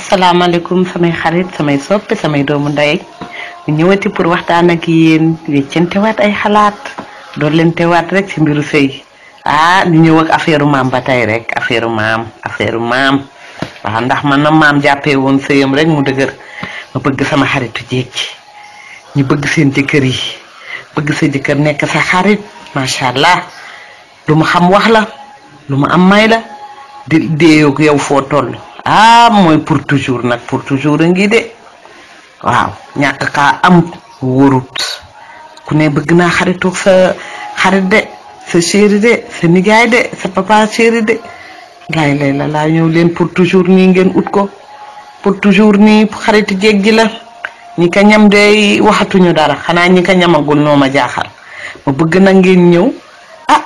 asalaamaaleykum samay xarit samay soppe samay doomu ndey ñu ñëwati pour waxtaan ak yéen wéccantewaat ay xalaat doon leen tewaat rek ci mbiru sëy ah ñu ñëw ak maam ba tey rek affaire maam affaire maam waaw ndax man na maam jàppee woon sëyam rek mu dëgër ma bëgg sama xaritu jéeg ñu bëgg seen jëkkër yi bëgg sa jëkkër nekk sa xarit macha allah lu mu xam wax la lu mu am may la di déeyoog yow foo toll. ah mooy pour toujours nag pour toujours a ngi de waaw ñàkk kaa am wóorut ku ne bëgg naa xaritoog sa xarit de sa chéri de sa nijaay de sa papa chéri de laay lay la laa ñëw leen pour toujours nii ngeen ut ko pour toujours nii xariti jéeg ji la ñi ka ñam de waxatuñu dara xanaa ñi ka ñamagul noo ma jaaxal ma bëgg na ngeen ñëw ah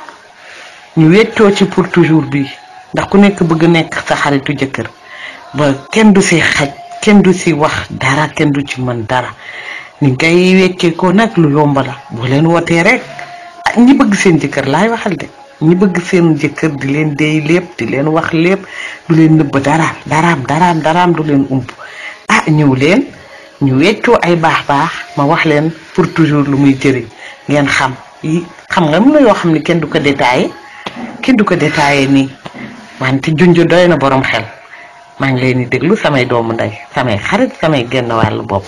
ñu weccoo ci pour toujours bi ndax ku nekk bëgg nekk sa xaritu jëkkër ba kenn du si xaj kenn du si wax dara kenn du ci mën dara ni koy wekkee ko nag lu yomb la boo leen wootee rek ah ñi bëgg seen jëkkër laay waxal de ñi bëgg seen jëkkër di leen dey lépp di leen wax lépp du leen nëbb daraam daram daraam daraam du leen ump ah ñëw leen ñu weccoo ay baax baax ma wax leen pour toujours lu muy jëriñ ngeen xam xam nga mun na yoo xam ne kenn du ko détaillé kenn du ko détaillé nii wante junj doy na borom xel maa ngi leen di déglu samay doomu ndey samay xarit samay genn wàllu bopp